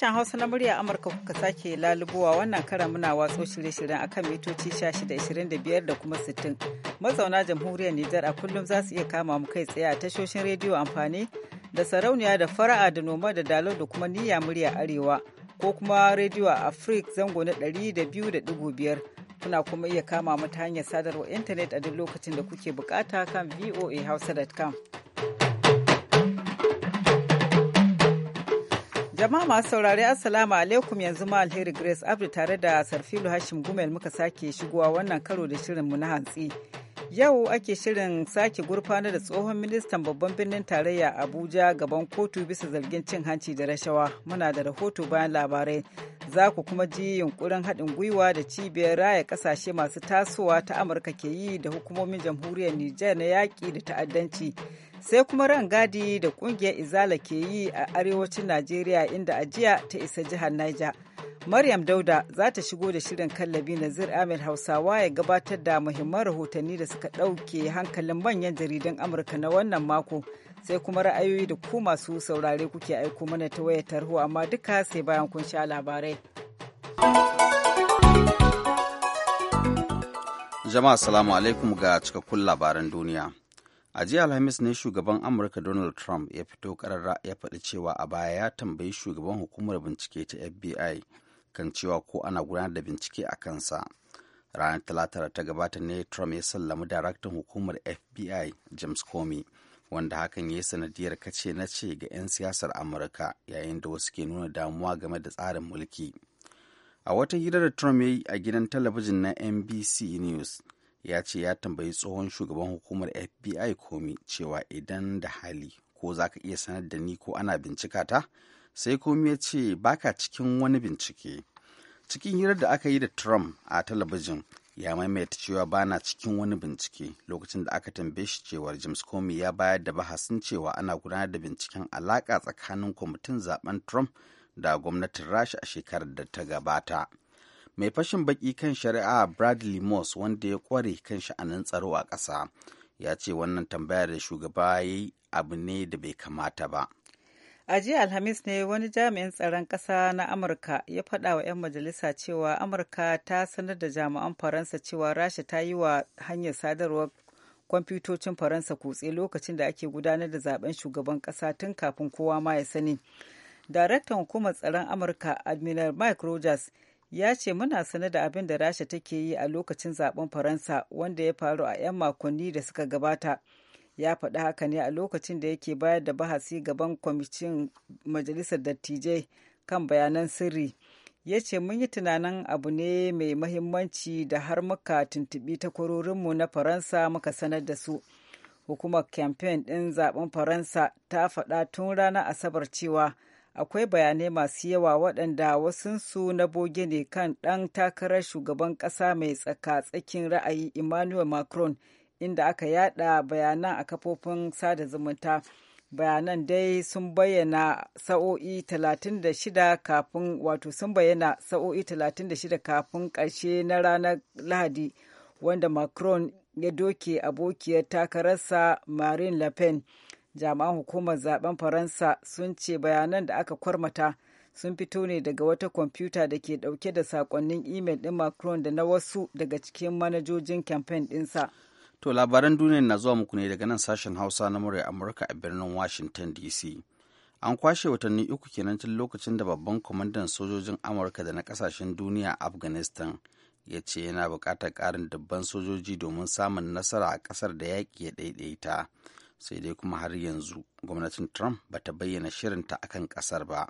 sashen Hausa na murya Amurka kuka sake lalubuwa wannan kara muna watso shirye-shiryen akan mitoci 1625 da kuma 60. Mazauna jamhuriyar Nijar a kullum za su iya kama mu kai tsaye a tashoshin rediyo amfani da sarauniya da fara'a da noma da dalo da kuma niyya murya arewa ko kuma rediyo a Afrik zango na 200.5 kuna kuma iya kama mu ta hanyar sadarwa intanet a duk lokacin da kuke bukata kan voahausa.com. Jama'a masu saurari Assalamu alaikum yanzu ma alheri Grace Abdu tare da Sarfilu Hashim Gumel muka sake shigowa wannan karo da shirin mu na hantsi. Yau ake shirin sake gurfana da tsohon ministan babban birnin tarayya Abuja gaban kotu bisa zargin cin hanci da rashawa. Muna da rahoto bayan labarai. Za ku kuma ji yunkurin haɗin gwiwa da cibiyar raya ƙasashe masu tasowa ta Amurka ke yi da hukumomin jamhuriyar Nijar na yaƙi da ta'addanci. sai kuma rangadi da kungiyar izala ke yi a arewacin najeriya inda ajiya ta isa jihar niger maryam dauda za ta shigo da shirin kallabi nazir amir hausawa ya gabatar da muhimman rahotanni da suka ɗauke hankalin manyan jaridan amurka na wannan mako sai kuma ra'ayoyi da ku masu saurare kuke aiko mana ta wayar tarho amma duka sai bayan kun sha labarai jama'a salamu alaikum ga cikakkun labaran duniya a jiya alhamis ne shugaban amurka donald trump ya fito karara ya faɗi cewa a baya ya tambayi shugaban hukumar bincike ta fbi kan cewa ko ana gudanar da bincike a kansa ranar talata da ta gabata ne trump ya sallami daraktan hukumar fbi james comey wanda hakan ya yi sanadiyar kace na ce ga 'yan siyasar amurka yayin da wasu ke nuna damuwa game da tsarin mulki a wata hira da trump ya yi a gidan talabijin na nbc news ya ce ya tambayi tsohon shugaban hukumar fbi komi cewa idan da hali ko za ka iya sanar da ni ko ana bincika ta sai komi ya ce baka cikin wani bincike cikin hirar da aka yi da trump a talabijin ya maimaita cewa bana cikin wani bincike lokacin da aka tambaye shi cewar james comey ya bayar da bahasin cewa ana gudanar da binciken alaƙa tsakanin kwamitin zaben trump da gwamnatin rasha a shekarar da ta gabata mai fashin baki kan shari'a bradley moss wanda ya kware kan sha'anin tsaro a ƙasa ya ce wannan tambaya da shugaba ya yi abu ne da bai kamata ba a jiya alhamis ne wani jami'in tsaron ƙasa na amurka ya faɗa wa 'yan majalisa cewa amurka ta sanar da jami'an faransa cewa rasha ta yi wa hanyar sadarwar kwamfutocin faransa kutse lokacin da ake gudanar da zaben shugaban ƙasa tun kafin kowa ma ya sani daraktan hukumar tsaron amurka admiral mike rogers ya ce muna sane da abin da rasha take yi a lokacin zaben faransa wanda ya faru a 'yan makonni da suka gabata ya faɗi haka ne a lokacin da yake bayar da bahasi gaban kwamitin majalisar dattijai kan bayanan sirri ya ce mun yi tunanin abu ne mai mahimmanci da har muka tuntuɓi takwarorinmu na faransa muka sanar da su hukumar kamfen ɗin zaben faransa ta faɗa tun ranar asabar cewa akwai bayanai masu yawa waɗanda wasunsu na boge ne kan ɗan takarar shugaban ƙasa mai tsaka-tsakin ra'ayi emmanuel macron inda aka yada bayanan a kafofin sada zumunta bayanan dai sun bayyana sa'o'i 36 kafin wato sun bayyana sa'o'i 36 kafin ƙarshe na ranar lahadi wanda macron ya doke abokiyar takararsa marine le pen jami'an hukumar zaben faransa sun ce bayanan da aka kwarmata sun fito ne daga wata kwamfuta da ke dauke da sakonnin imel din macron da na wasu daga cikin manajojin kamfen dinsa to labaran duniya na zuwa muku ne daga nan sashen hausa na murya amurka a birnin washington dc an kwashe watanni uku kenan tun lokacin da babban kwamandan sojojin amurka da na kasashen duniya afghanistan ya ce yana bukatar ƙarin dubban sojoji domin samun nasara a ƙasar da yaƙi ya ɗaiɗaita sai dai kuma har yanzu gwamnatin trump ba ta bayyana shirinta akan kasar ba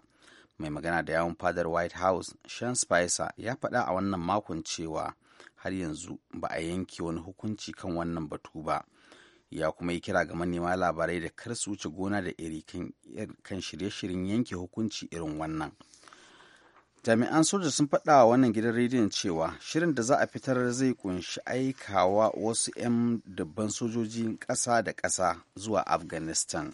mai magana da yawon fadar white house sean spicer ya faɗa a wannan makon cewa har yanzu ba a yanke wani hukunci kan wannan batu ba ya kuma yi kira ga manema labarai da kar su wuce gona da iri kan shirye-shiryen yanke hukunci irin wannan jami'an soja sun faɗa wa wannan gidan rediyon cewa shirin da za a fitar zai kunshi aikawa wasu 'yan dabban sojojin ƙasa da ƙasa zuwa afghanistan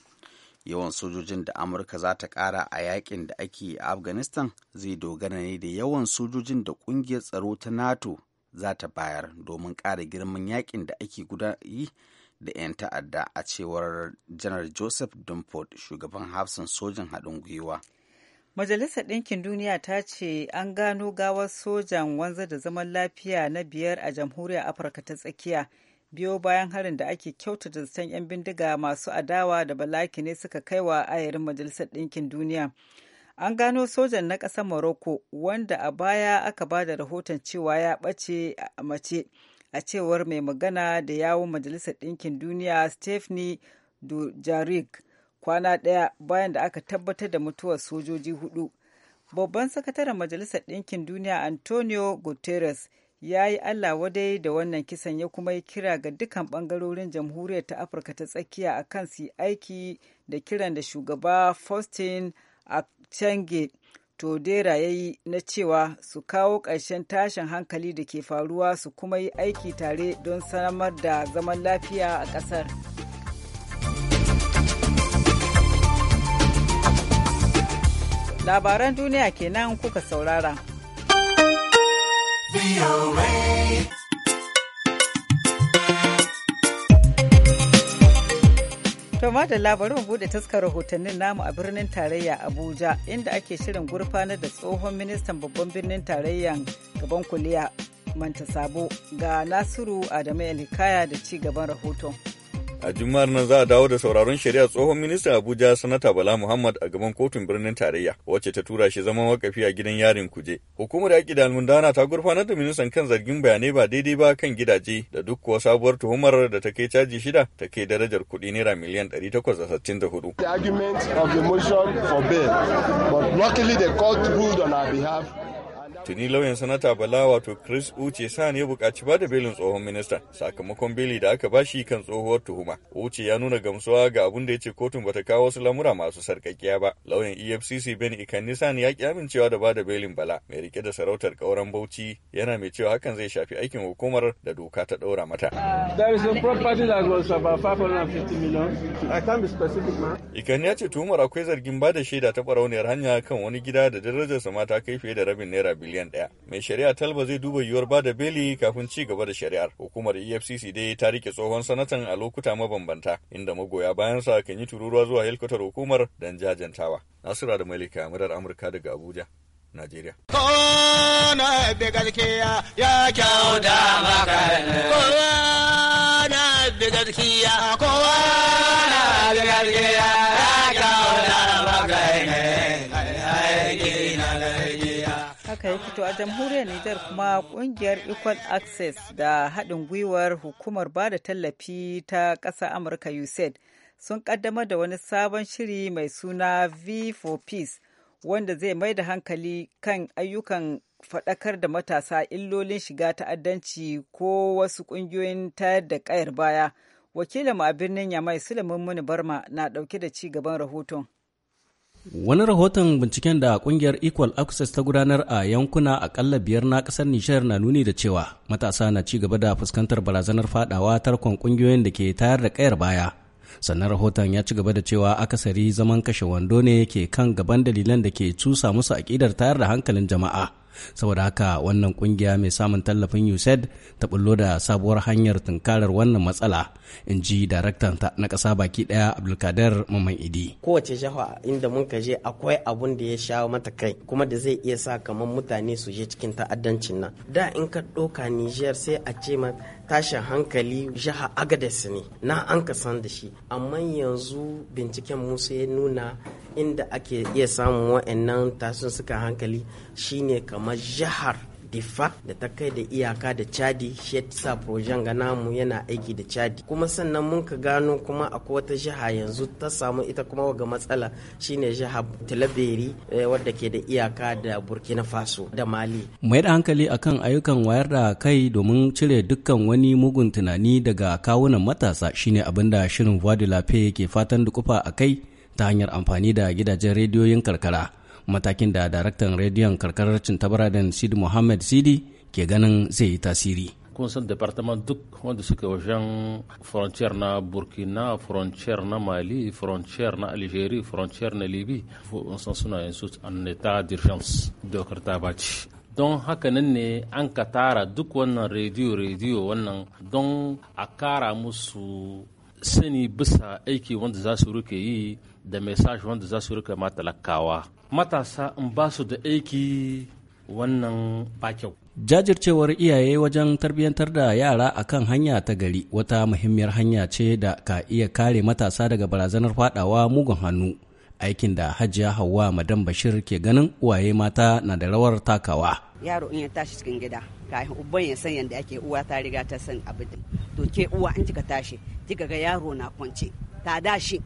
yawan sojojin da amurka za ta ƙara a yakin da ake a afghanistan zai dogara ne da yawan sojojin da ƙungiyar tsaro ta nato za ta bayar domin ƙara girman yakin da ake guda yi da 'yan ta'adda a cewar janar joseph dunford shugaban hafsan sojin haɗin gwiwa Majalisar Ɗinkin Duniya ta ce an gano gawar sojan wanza da zaman lafiya na biyar a jamhuriyar Afirka ta tsakiya. Biyo bayan harin da ake kyautata zaton 'yan bindiga masu adawa da balaki ne suka kai wa ayarin Majalisar Ɗinkin Duniya. An gano sojan na ƙasar Morocco wanda a baya aka ba da rahoton cewa ya ɓace a mace a cewar mai magana da yawon Majalisar Ɗinkin Duniya Stephanie Dujarric. kwana ɗaya bayan da aka tabbatar da mutuwar sojoji hudu. Babban sakataren Majalisar Ɗinkin Duniya Antonio Guterres ya yi Allah wadai da wannan kisan ya kuma yi kira ga dukkan ɓangarorin jamhuriyar ta Afirka ta tsakiya a kan su aiki da kiran da shugaba Faustin Achange Todera ya yi na cewa su kawo ƙarshen tashin hankali da ke faruwa su kuma yi aiki tare don samar da zaman lafiya a ƙasar. Labaran duniya kenan kuka saurara. Toma da labarin bude taskar rahotannin namu a birnin tarayya Abuja inda ake shirin gurfanar da tsohon ministan babban birnin tarayyan gaban kuliya Manta Sabo ga Nasiru Adamu Elikaya da ci gaban rahoton. A Juma'ar nan za a dawo da sauraron shari'a tsohon ministan Abuja Sanata Bala Muhammad a gaban kotun birnin tarayya wacce ta tura shi zaman wakafi a gidan yarin kuje. Hukumar yaƙi da almundana ta gurfanar da ministan kan zargin bayanai ba daidai ba kan gidaje da duk kuwa sabuwar tuhumar da ta kai caji shida ta kai darajar kuɗi naira miliyan 864. The argument of the for bail, but court Tuni lauyan sanata Bala wato Chris Uche Sani ya bukaci ba da belin tsohon minista sakamakon beli da aka bashi kan tsohuwar tuhuma. Uche ya nuna gamsuwa ga abin da ya ce kotun bata kawo wasu lamura masu sarƙaƙiya ba. Lauyan EFCC Ben Ikanni Sani ya ki amincewa da ba da belin Bala mai rike da sarautar ƙauren Bauchi yana mai cewa hakan zai shafi aikin hukumar da doka ta daura mata. Ikanni ya ce tuhumar akwai zargin ba da shaida ta ɓarauniyar hanya kan wani gida da darajarsa mata ta kai fiye da rabin naira biliyan. miliyan ɗaya. Mai shari'a Talba zai duba yiwuwar bada beli kafin ci gaba da shari'ar. Hukumar EFCC dai ta rike tsohon sanatan a lokuta mabambanta inda magoya bayan sa kan yi tururuwa zuwa helkwatar hukumar don jajantawa. Nasira da Malika, murar Amurka daga Abuja. Najeriya. Kona bi gaskiya ya kyauta maka bi gaskiya kowa na bi gaskiya ya kyauta maka Amurka ya fito a jamhuriyar Nijar kuma kungiyar Equal Access da haɗin gwiwar hukumar ba da tallafi ta ƙasa Amurka USAID sun ƙaddamar da wani sabon shiri mai suna V for Peace wanda zai mai da hankali kan ayyukan faɗakar da matasa illolin shiga ta'addanci ko wasu ƙungiyoyin tayar da ƙayar baya. Wakilinmu a birnin Yamai Sulaiman Muni Barma na ɗauke da ci gaban rahoton. Wani rahoton binciken da kungiyar Equal Access ta gudanar a yankuna akalla biyar na kasar Nishar na nuni da cewa matasa na ci gaba da fuskantar barazanar fadawa tarkon kungiyoyin da ke tayar da kayar baya. Sannan rahoton ya ci gaba da cewa akasari zaman kashe wando ne ke kan gaban dalilan da ke cusa musu aƙidar tayar da hankalin jama'a. saboda haka wannan kungiya mai samun tallafin usaid ta bullo da sabuwar hanyar tunkarar wannan matsala in ji daraktan ta na ƙasa baki ɗaya abdulkader maman idi kowace shafa inda mun ka je akwai abun da ya shawo mata kai kuma da zai iya sa kamar mutane su je cikin ta'addancin nan da in ka ɗoka niger sai a ce ma. tashin hankali jihar agades ne na an ka san da shi amma yanzu binciken musu ya nuna inda ake iya samun wa'annan tasun suka hankali shine kamar jihar difa da ta kai da iyaka da chadi shi sa projan ga namu yana aiki da chadi kuma sannan mun ka gano kuma akwai wata jiha yanzu ta samu ita kuma ga matsala shine jiha talaberi eh, wadda ke da iyaka da burkina faso da mali mai da hankali akan ayyukan wayar da kai domin cire dukkan wani mugun tunani daga kawunan matasa shine abin da shirin voix de la yake fatan dukufa a kai ta hanyar amfani da gidajen rediyoyin karkara matakin da daraktan rediyon karkarar cintabaradan sidi Mohammed sidi ke ganin zai yi tasiri kun san departement duk wanda suke wajen frontier na burkina frontier na mali frontier na algeria frontier na libya san suna su an ta d'urgence dokar ta baci don haka nan ne an ka tara duk wannan rediyo-rediyo wannan don a kara musu sani bisa aiki wanda za su rike yi da message wanda za su ruke matalakawa matasa in ba su da aiki wannan ba kyau jajircewar iyaye wajen tarbiyyantar da yara a kan hanya ta gari wata muhimmiyar hanya ce da ka iya kare matasa daga barazanar fadawa mugun hannu aikin da hajiya hauwa madan bashir ke ganin uwaye mata na da rawar takawa yaro in ya tashi cikin gida kayan uban ya san yadda ake uwa ta riga ta san abin to ke uwa in kika tashi kika ga yaro na kwance ta dashi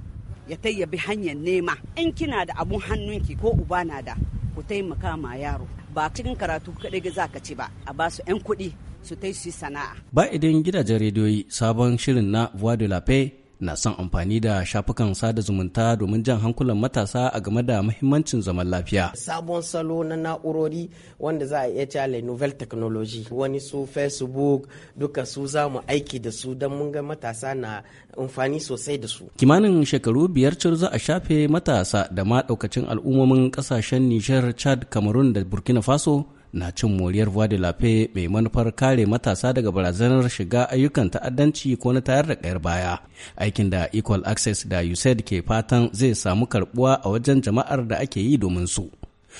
ya tayyabi hanyar nema in kina da abun hannunki ko uba na da ku taimaka ma yaro ba cikin karatu kaɗai ga ka ci ba a ba su 'yan kuɗi su tai su sana'a. Ba idan gidajen rediyoyi sabon shirin na Voix de la Paix na son amfani da shafukan sada zumunta domin jan hankulan matasa a game da mahimmancin zaman lafiya. Sabon salo na na'urori wanda za a iya cale novel technology wani su Facebook duka su za mu aiki da su don mun ga matasa na amfani sosai da su. Kimanin shekaru biyar cir za a shafe matasa da ma daukacin al'ummomin kasashen Nijar, Chad, Cameroon da Burkina Faso na cin moriyar voie de la paix mai manufar kare matasa daga barazanar shiga ayyukan ta'addanci ko na tayar da kayar baya aikin da equal access da usaid ke fatan zai samu karbuwa a wajen jama'ar da ake yi domin su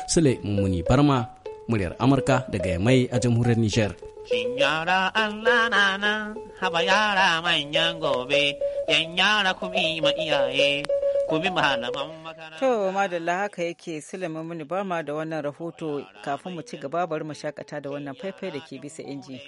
sule mummuni barma muryar amurka daga mai a jamhuriyar niger Shin yara Allah na nan, haba yara manyan gobe, yan yara kuma iyaye, komi malaman makaranta. To, madalla haka yake Sulaiman mini ba ma da wannan rahoto kafin mu ci gaba bari mu shakata da wannan faifai da ke bisa inji.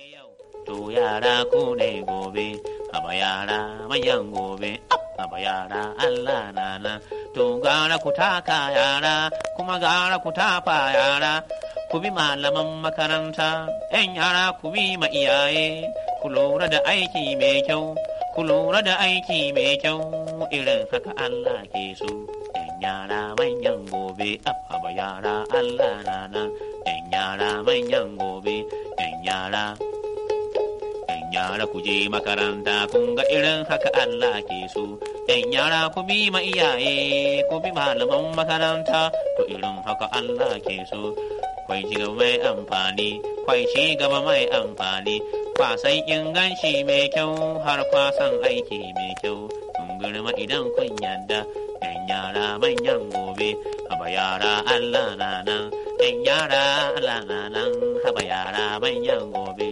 To yara ku ne gobe, aba yara mayan gobe, aba yara Allah nana. To gara ku taka yara, kuma gara ku tafa yara, ku bi malaman makaranta, ‘yan yara ku bi ma iyaye, ku lura da aiki mai kyau. ku lura da aiki mai kyau irin haka Allah ke so. ‘Yan yara manyan gobe, abba yara Allah nan, ‘yan yara manyan gobe, ‘yan yara. ‘Yan yara ku je makaranta kun ga irin haka Allah ke so. ‘Yan yara ku bi ma iyaye, ku bi malaman makaranta, to irin haka Allah ke so. Kwai ci gaba mai amfani, kwai ci gaba mai amfani. kwasan inganci mai kyau har kwasan aiki mai kyau kun girma idan kun yadda yan yara manyan gobe haba yara allah na nan yan yara allah na nan haba yara manyan gobe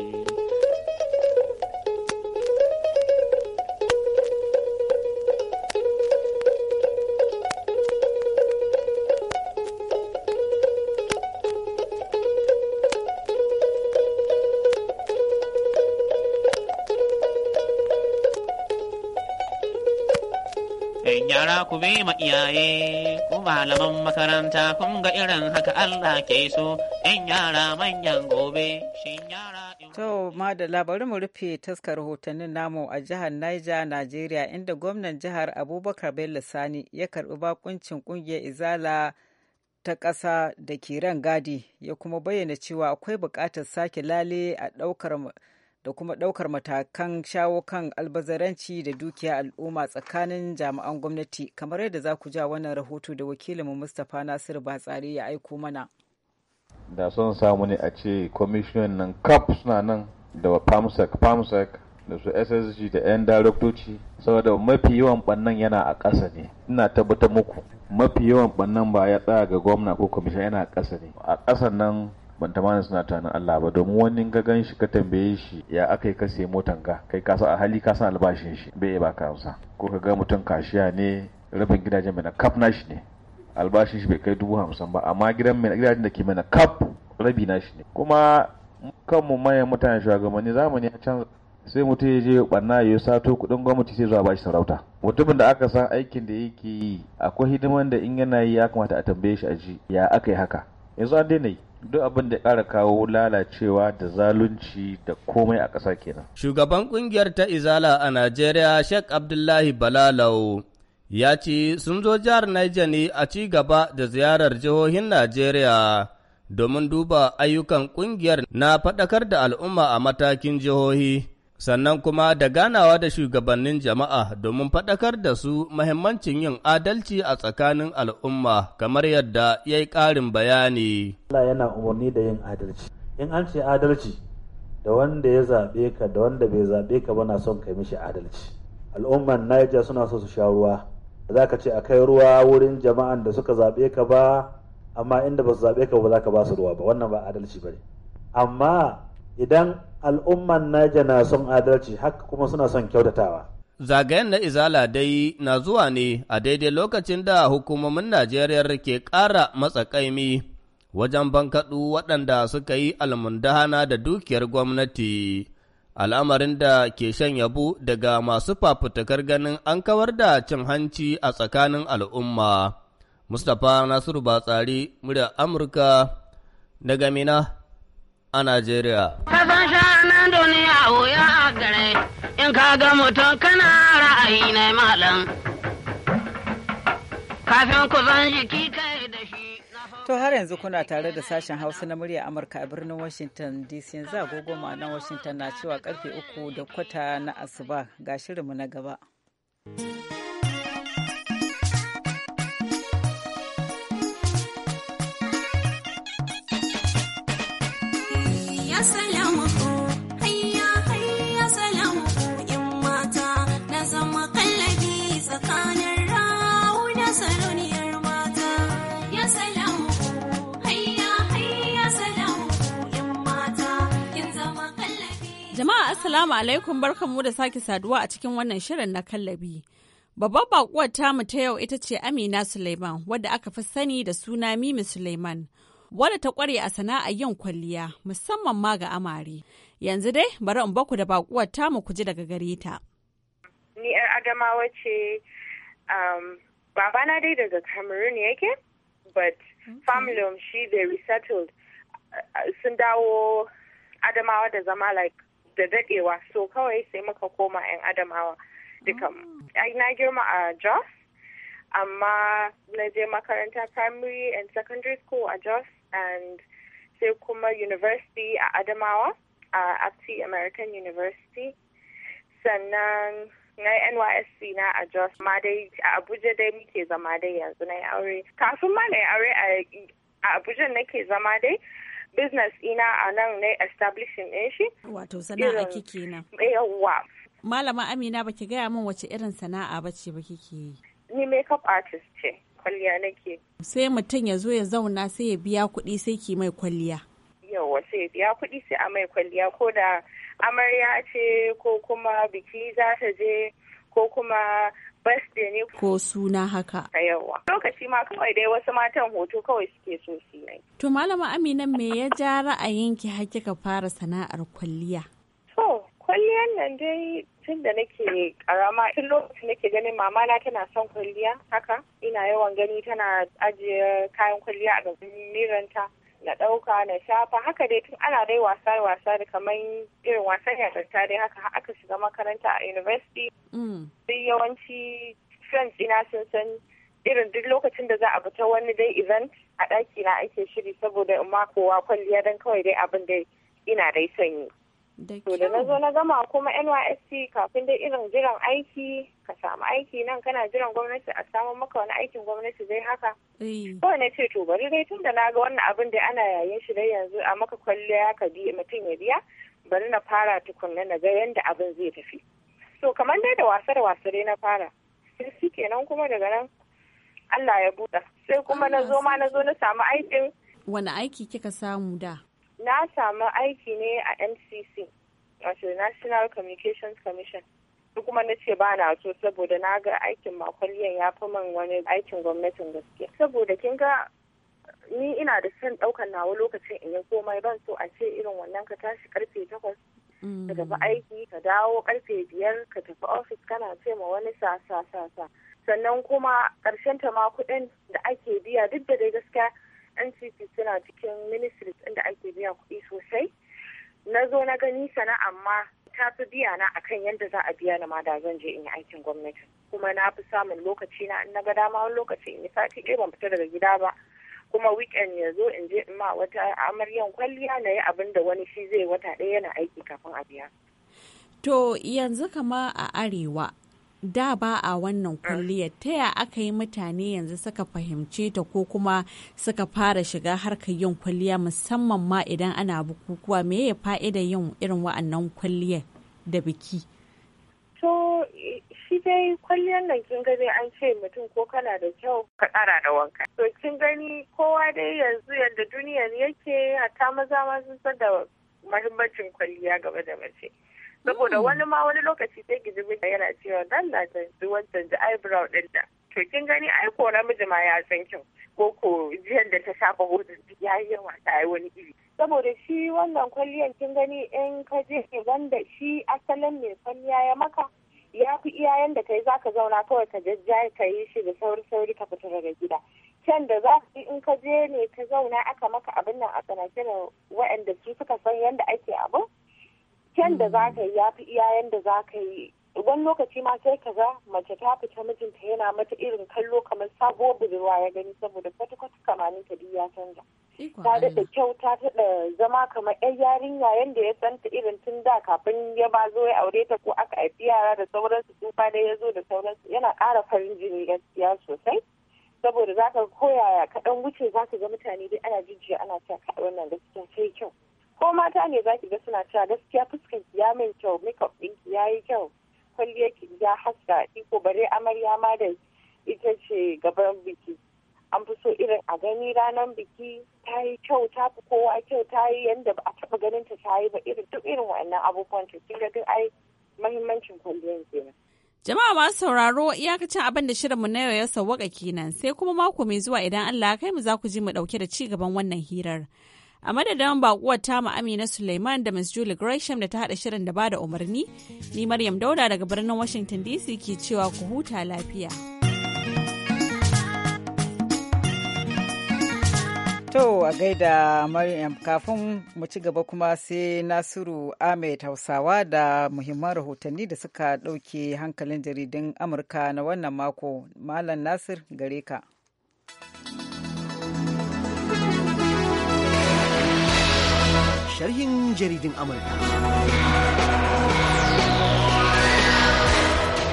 ku bi ma iyaye ku malaman makaranta kun ga irin haka Allah ke so in yara manyan gobe shin yara To madalla bari mu rufe taskar rahotannin namu a jihar Niger Najeriya inda gwamnan jihar Abubakar Bello Sani ya karbi bakuncin kungiyar Izala ta ƙasa da ke gadi ya kuma bayyana cewa akwai buƙatar sake lale a ɗaukar da kuma ɗaukar matakan shawo kan albazaranci da dukiya al'umma tsakanin jami'an gwamnati kamar yadda za ku ja wannan rahoto da wakilinmu mustapha nasir batsari ya aiko mana da son samu ne a ce kwamishinan nan kaf suna nan da FAMSEC, FAMSEC! da su ssg da 'yan daraktoci saboda mafi yawan bannan yana a ƙasa ne ina tabbatar muku mafi yawan bannan ba ya tsaya ga gwamna ko kwamishin yana a ƙasa ne a ƙasan nan ban ta mana suna tunanin Allah ba domin wani ga gan shi ka tambaye shi ya aka yi kase motan ga kai ka a hali ka san albashin shi bai ba ka hausa ko ka ga mutum kashiya ne rabin gidajen mai na kaf na shi ne albashin shi bai kai dubu hamsin ba amma gidan mai gidajen da ke mai na kaf rabi na shi ne kuma kanmu manyan mutane shugabanni zamani ya canza sai mutum ya je barna ya sato kudin gwamnati sai zuwa bashi sarauta mutumin da aka san aikin da yake yi akwai hidiman da in yana yi ya kamata a tambaye shi a ji ya aka yi haka yanzu an daina yi duk abin da ƙara kawo lalacewa da zalunci da komai a ƙasa kenan. Shugaban ƙungiyar ta Izala a Najeriya Sheikh Abdullahi Balalau ya ce sun zo jihar Niger ne a ci gaba da ziyarar jihohin Najeriya domin duba ayyukan ƙungiyar na faɗakar da al'umma a matakin jihohi. sannan kuma da ganawa da shugabannin jama'a domin faɗakar da su mahimmancin yin adalci a tsakanin al'umma kamar yadda ya yi ƙarin bayani. Allah yana umarni da yin adalci. In an ce adalci da wanda ya zaɓe ka da wanda bai zaɓe ka ba na son kai mishi adalci. Al'umman Niger suna so su sha ruwa. Ba za ka ce a kai ruwa wurin jama'an da suka zaɓe ka ba amma inda ba su zaɓe ka ba za ka ba su ruwa ba wannan ba adalci ba ne. Amma idan al'umman naija na son adalci haka kuma suna son kyautatawa zagayen na izala dai na zuwa ne a daidai lokacin da hukumomin najeriya ke ƙara matsakaimi wajen bankaɗu waɗanda suka yi almundahana da dukiyar gwamnati al'amarin da ke shan yabu daga masu fafutukar ganin an kawar da cin hanci a tsakanin al'umma mustapha nasiru batsari murya amurka daga mina a Najeriya. a gare, in ka ga mutum ra'ayi Kafin To har yanzu kuna tare da sashen Hausa na murya Amurka a birnin Washington DC yanzu agogo ma'anan Washington na cewa karfe uku da kwata na asuba ga shirinmu na gaba. Assalamu alaikum barkanmu da sake saduwa a cikin wannan shirin na kallabi. Babbar bakuwar tamu ta yau ita ce Amina Suleiman wadda aka fi sani da suna Mimi Suleiman. Wadda ta kware a sana'a yin kwalliya musamman ma ga amare. Yanzu dai bari in baku da bakuwar tamu ku ji daga gare ta. Ni yar Adamawa ce um, babana dai daga Cameroon yake but family shi very settled uh, uh, sun dawo Adamawa da zama like da dadewa so kawai sai muka koma 'yan adamawa duka ah. na girma a jos amma na je makaranta primary and secondary school a jos and sai kuma university a adamawa a apti american university sannan na nysc na a jos ma dai a abuja dai muke zama dai yanzu na yi aure kafin ma na aure a abuja nake zama dai business ina a nan na establishing ɗin shi. Wato sana'a kike nan. Yawwa. Malama Amina baki gaya min wace irin sana'a ba ce ba kike yi. Ni makeup artist ce, kwalliya nake. Sai mutum ya zo ya zauna sai ya biya kuɗi sai ki mai kwalliya. Yawwa sai ya biya kuɗi sai a mai kwalliya ko da amarya ce ko kuma biki za ta je ko kuma birthday ne. Ko suna haka. ma kawai dai wasu matan hoto kawai suke so su yi. To malama Amina me ya ja ra'ayinki har kika fara sana'ar kwalliya? To kwalliyan nan dai tun da nake karama tun lokacin nake ganin mama na tana son kwalliya haka ina yawan gani tana ajiye kayan kwalliya a gaban miranta na ɗauka na shafa haka dai tun ana dai wasa wasa da kamar irin wasan yadarta dai haka aka shiga makaranta a university. Sai mm. yawanci friends ina sun san irin duk lokacin da za a fita wani dai event a ɗaki na ake shiri saboda in ma kowa kwalliya don kawai dai abin da ina dai son yi. To da nazo na gama kuma NYSC kafin dai irin jiran aiki ka samu aiki nan kana jiran gwamnati a samu maka wani aikin gwamnati zai haka. Eh. Kawai na ce to bari dai tun da na ga wannan abin da ana yayin shi dai yanzu a maka kwalliya ka bi mutum ya biya bari na fara tukunna na ga yanda abin zai tafi. To kamar dai da wasa da wasa dai na fara. Sai kenan kuma daga nan Allah ya buɗa. Sai kuma na zo ma na zo na samu aikin. Wani aiki kika samu da? Na samu aiki ne a NCC, wato National Communications Commission. kuma na ce ba na so saboda na ga aikin makwaliyan ya fi man wani aikin gwamnatin gaske. Saboda kin ga ni ina da son ɗaukan nawa lokacin in yi komai ban so a ce irin wannan ka tashi karfe takwas ka tafi mm. aiki ka dawo karfe biyar ka tafi ofis kana ce ma wani sa sa sa sa. sannan kuma karshen ta ma kuɗin da ake biya duk da dai gaskiya ncc suna cikin ministries inda ake biya kuɗi sosai na zo na gani sana amma ta fi biya na akan yadda za a biya na ma da zan je in yi aikin gwamnati kuma na fi samun lokaci na in na ga dama wani lokaci in yi sati ɗaya ban fita daga gida ba kuma weekend ya zo in je in ma wata amaryan kwalliya na yi abin da wani shi zai wata ɗaya yana aiki kafin a biya. To yanzu kama a arewa da ba a wannan mm. kulliyar ta ya aka yi mutane yanzu suka fahimce ta ko kuma suka fara shiga harkar yin kwalliya musamman ma idan ana bukukuwa me ya fa'ida yin irin wa'annan kulliyar da biki to shi dai kwalliyar nan kin gani an ce mutum ko kana da kyau ka kara da wanka to kin gani kowa dai yanzu yadda duniyar yake hatta maza ma sun da kwalliya gaba da mace saboda hmm. wani ma wani lokaci sai gizi mai yana cewa dan na canji wancan ji eyebrow din da to kin gani ai ko namiji ma ya san kin ko ko jiyan da ta shafa hodar ya yi yawa ta yi wani iri saboda shi wannan kwalliyan kin gani in ka je wanda shi asalin mai kwalliya ya maka ya fi iyayen da kai zaka zauna kawai ka jajjaye ka yi shi da sauri sauri ka fita daga gida can da za su in ka je ne ka zauna aka maka abin nan a tsanace da waɗanda su suka san yadda ake abin kyan da mm. za ka yi ya fi iyayen da za ka yi wani lokaci ma sai ka ga mace ta fita mijinta yana mata irin kallo kamar sabuwar budurwa ya gani saboda kwata-kwata kamanin ta ya canza ta daɗa kyau ta taɗa zama kamar yan yarinya yadda ya santa irin tun da kafin ya ba zo ya aure ta ko aka haifi yara da sauransu tun da ya zo da sauransu yana ƙara farin jini gaskiya sosai saboda za ka koya kaɗan wuce za ka ga mutane dai ana jijiya ana sa kaɗa wannan gaskiya sai kyau ko mata ne zaki ga suna cewa gaskiya fuskar ki ya min kyau makeup din ki yayi kyau kwalliya ki ya haska iko bare amarya ma da ita ce gaban biki an fi so irin a gani ranar biki ta yi kyau ta fi kowa kyau ta yi yadda ba a taɓa ganin ta ta yi ba irin duk irin wannan abubuwan ta kin ga ai mahimmancin kwalliyar kenan Jama'a masu sauraro iyakacin abin da shirinmu na yau ya sauwaka kenan sai kuma mako mai zuwa idan Allah kai mu za ku ji mu dauke da ci gaban wannan hirar. a madadin bakuwar tamu amina suleiman da Ms. julie gresham da ta hada shirin da bada umarni ni maryam dauda daga birnin washington dc ke cewa ku huta lafiya to a gaida maryam kafin mu ci gaba kuma sai nasiru ahmed hausawa da muhimman rahotanni da suka ɗauke hankalin jaridun amurka na wannan mako malam nasir gare ka sharhin jaridin Amurka.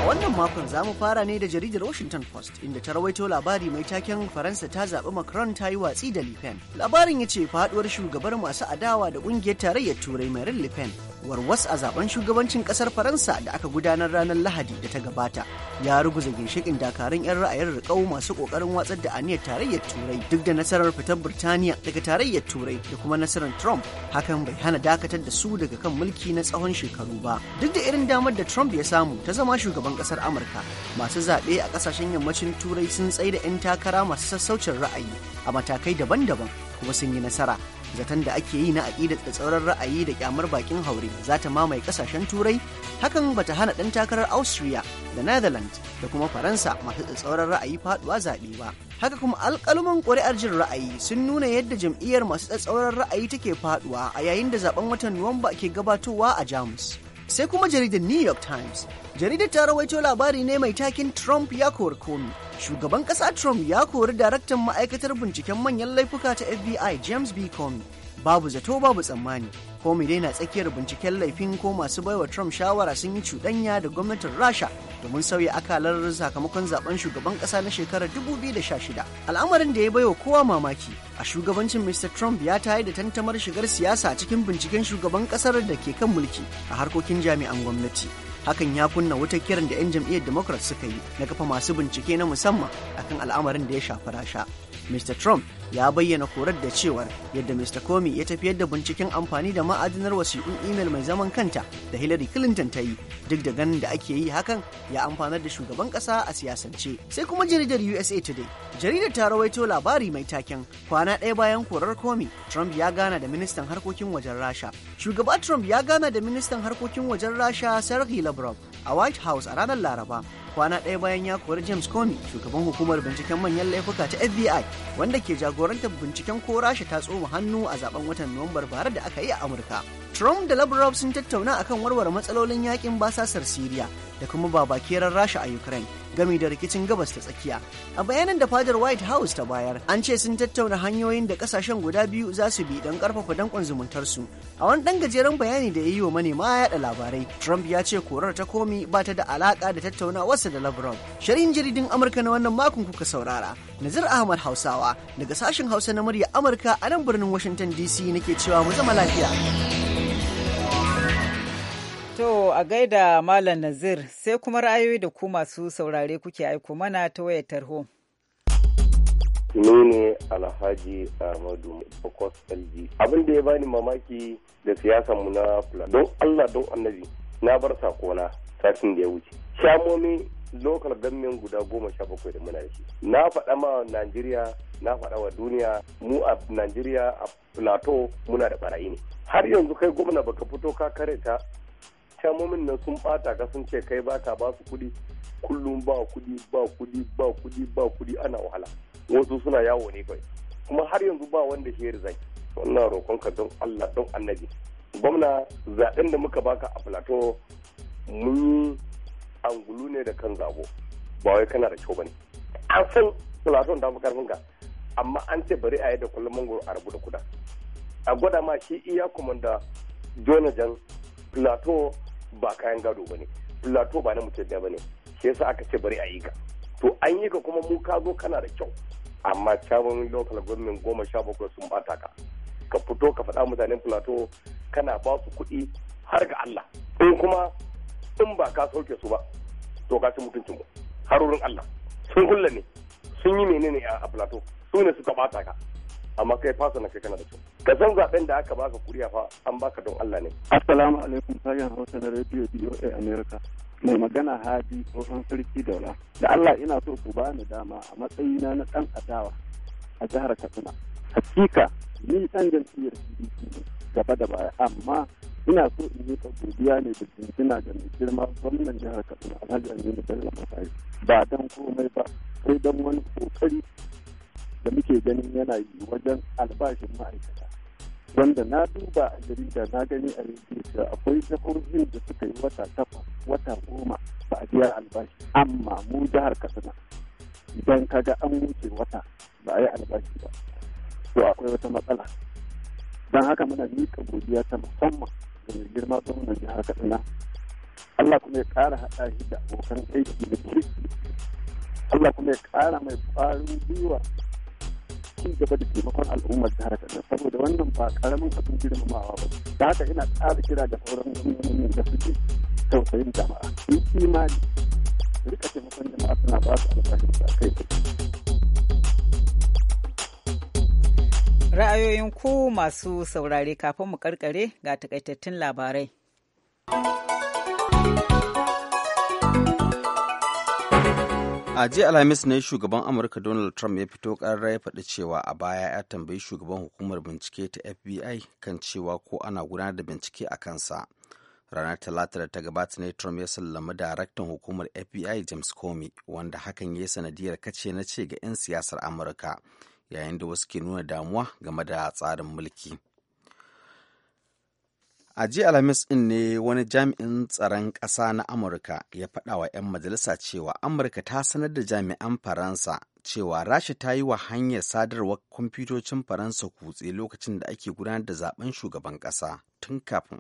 wannan makon za mu fara ne da jaridar Washington Post inda ta rawaito labari mai taken Faransa ta zaɓi Macron ta yi watsi da Le Pen. Labarin ya ce faɗuwar shugabar masu adawa da ƙungiyar tarayyar Turai Marine Le Pen warwas a zaben shugabancin ƙasar Faransa da aka gudanar ranar Lahadi da ta gabata. Ya ruguza ginshiƙin dakarun 'yan ra'ayin riƙau masu ƙoƙarin watsar da aniyar tarayyar Turai duk da nasarar fitar Birtaniya daga tarayyar Turai da kuma nasarar Trump hakan bai hana dakatar da su daga kan mulki na tsawon shekaru ba. Duk da irin damar da Trump ya samu ta zama shugaban kasar amurka masu zaɓe a ƙasashen yammacin turai sun tsaye da 'yan takara masu sassaucin ra'ayi a matakai daban-daban kuma sun yi nasara zaton da ake yi na da tsauran ra'ayi da kyamar bakin haure za ta mamaye ƙasashen turai hakan ba ta hana ɗan takarar austria da netherlands da kuma faransa masu tsauran ra'ayi faɗuwa zaɓe ba haka kuma alƙaluman ƙuri'ar jin ra'ayi sun nuna yadda jam'iyyar masu tsatsauran ra'ayi take faɗuwa, a yayin da zaben watan nuwamba ke gabatowa a jamus sai kuma jaridar new york times jaridar ta rawaito labari ne mai takin trump ya kori komi shugaban kasa trump ya kori daraktan ma'aikatar binciken manyan laifuka ta fbi james b comey babu zato babu tsammani Ko mai na tsakiyar binciken laifin ko masu baiwa Trump shawara sun yi cuɗanya da gwamnatin Rasha domin sauya akalar sakamakon zaben shugaban ƙasa na shekarar 2016. Al'amarin da ya baiwa kowa mamaki a shugabancin Mr. Trump ya tayar da tantamar shigar siyasa cikin binciken shugaban ƙasar da ke kan mulki a harkokin jami'an gwamnati. hakan ya kunna wata kiran da 'yan jam'iyyar democrat suka yi na kafa masu bincike na musamman akan al'amarin da ya shafi rasha mr trump ya bayyana korar da cewar yadda Mr. Comey ya tafiyar da binciken amfani da ma'adinar wasiƙun imel mai zaman kanta da Hillary Clinton ta yi duk da ganin da ake yi hakan ya amfanar da shugaban ƙasa a siyasance. Sai kuma jaridar USA Today. Jaridar ta rawaito labari mai taken kwana ɗaya bayan korar Comey, Trump ya gana da ministan harkokin wajen Rasha shugaba trump ya gana da ministan harkokin wajen rasha sergei lavrov a white house a ranar laraba kwana ɗaya bayan ya kori james comey shugaban hukumar binciken manyan laifuka ta fbi wanda ke jagorantar binciken ko rasha ta tsoma hannu a zaben watan nuwambar bara da aka yi a amurka trump da lavrov sun tattauna akan warware matsalolin yakin basasar siriya da kuma babakeran rasha a ukraine game da rikicin gabas ta tsakiya. A bayanan da fadar White House ta bayar, an ce sun tattauna hanyoyin da kasashen guda biyu za su bi don ƙarfafa dankon zumuntarsu. A wani dan gajeren bayani da ya yi wa manema yaɗa labarai, Trump ya ce korar ta komi ba ta da alaƙa da tattaunawarsa da Lavrov. Shirin jaridin Amurka na wannan makon kuka saurara. Nazir Ahmad Hausawa daga sashen Hausa na murya Amurka a nan birnin Washington DC nake cewa mu zama lafiya. To a gaida Malam Nazir sai kuma ra'ayoyi da ku masu saurare kuke aiko mana ta wayar tarho. Ni ne Alhaji Ahmadu Bokos LG. Abin da ya bani mamaki da siyasanmu na Fulani. Don Allah don annabi na bar sakona satin da ya wuce. Shamomi lokal gamin guda goma sha bakwai da muna shi na faɗa ma najeriya na faɗa wa duniya mu a najeriya a plateau muna da ɓarayi ne har yanzu kai gwamna baka fito ka kare ta min nan sun bata ka sun ce kai baka ba su kuɗi kullum ba kudi ba kudi ba kuɗi ba kuɗi ana wahala wasu suna yawo ne kai. kuma har yanzu ba wanda shi ya wannan roƙon ka don Allah don annabi gwamna zaɓen da muka baka a plateau mun angulu ne da kan zabo ba wai kana da kyau bane an san plateau da muka ka amma an ce bari a yi da kullum mangoro a rabu da kuda a gwada ma shi iya kuma da jonajan plateau ba kayan gado ba ne plateau ba na mutum ɗaya ba ne shi yasa aka ce bari a yi ka to an yi ka kuma mu ka zo kana da kyau amma chairman local government goma sha bakwai sun bata ka ka fito ka faɗa mutanen plateau kana ba su kuɗi har ga Allah in kuma in ba ka sauke su ba to ka ci mutuncin mu har Allah sun hulla ne sun yi menene a plateau su ne suka bata ka amma kai fasa na kai kana da kyau ka san zaben da aka baka kuriya fa an baka don Allah ne assalamu alaikum sayan hausa na radio a America mai magana hadi tsohon sarki daula da Allah ina so ku bani dama a matsayina na ɗan adawa a jihar Katsina hakika ni dan jam'iyyar PDP gaba da baya amma ina so in yi godiya ne da jinjina da mai girma gwamnan jihar Katsina Alhaji Aminu Bello Masari ba dan komai ba sai dan wani kokari da muke ganin yana yi wajen albashin ma'aikata wanda na duba a jarida na gani a rediyo cewa akwai jihohin da suka yi wata takwas wata goma ba a biya albashi amma mu jihar katsina idan ka an wuce wata ba a yi albashi ba to akwai wata matsala don haka muna miƙa godiya ta musamman da mai girma gwamnan jihar katsina allah kuma ya ƙara haɗa shi da abokan aiki da kirki allah kuma ya ƙara mai ƙwarin gwiwa ci gaba da taimakon al'ummar jihar Kaduna saboda wannan ba karamin abin girmamawa ba da haka ina tsara kira da sauran gwamnati da suke tausayin jama'a in kimani rika taimakon jama'a suna ba su alƙalin da kai ra'ayoyin ku masu saurare kafin mu karkare ga takaitattun labarai. a jiya alhamis ne shugaban amurka donald trump ya fito ƙarar ya faɗi cewa a baya ya tambayi shugaban hukumar bincike ta fbi kan cewa ko ana gudanar da bincike a kansa ranar talata da ta gabata ne trump ya sallami daraktan hukumar fbi james comey wanda hakan ya yi sanadiyar kace na ce ga 'yan siyasar amurka yayin da wasu ke nuna damuwa game da tsarin mulki a jiya alhamis ɗin ne wani jami'in tsaron ƙasa na amurka ya faɗa wa 'yan majalisa cewa amurka ta sanar da jami'an faransa cewa rasha ta yi wa hanyar sadarwar kwamfutocin faransa kutse lokacin da ake gudanar da zaben shugaban ƙasa tun kafin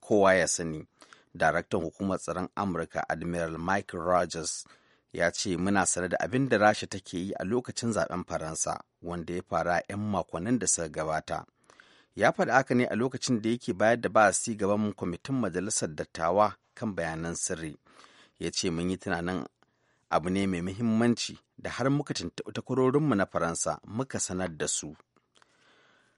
kowa ya sani daraktan hukumar tsaron amurka admiral mike rogers ya ce muna sanar da abin da rasha take yi a lokacin zaben faransa wanda ya fara 'yan makonnin da suka gabata ya faɗa haka ne a lokacin da yake bayar da ba'asi gaban kwamitin majalisar dattawa kan bayanan sirri ya ce mun yi tunanin abu ne mai muhimmanci da har muka tuntuɓi takwarorinmu na faransa muka sanar da su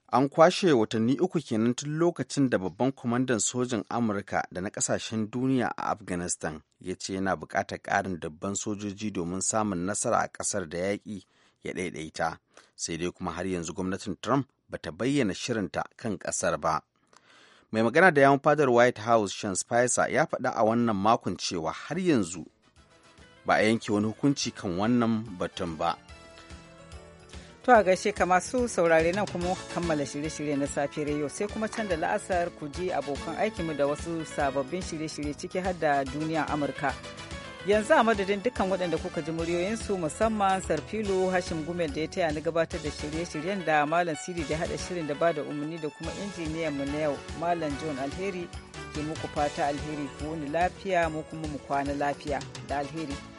an kwashe watanni uku kenan tun lokacin da babban kwamandan sojin amurka da na ƙasashen duniya a afghanistan ya ce yana buƙatar ƙarin dabban sojoji domin samun nasara a ƙasar da yaƙi ya ɗaiɗaita sai dai kuma har yanzu gwamnatin trump bata bayyana shirinta kan ƙasar ba. Mai magana da yawon fadar White House Sean Spicer ya faɗa a wannan makon cewa har yanzu ba a yanke wani hukunci kan wannan batun ba. To a gaishe ka masu saurare nan kuma kammala shirye-shirye na safiyar yau sai kuma can da la'asar ku ji abokan aikinmu da wasu sababbin shirye-shirye ciki har da duniya Amurka. yanzu a madadin dukkan waɗanda kuka ji muryoyinsu musamman sarfilo hashim gumel da ya taya na gabatar da shirye-shiryen da malam siri da haɗa shirin da ba da umarni da kuma injiniyan mu na yau malam john alheri ke muku fata alheri ku wani lafiya mu kuma mu kwana lafiya da alheri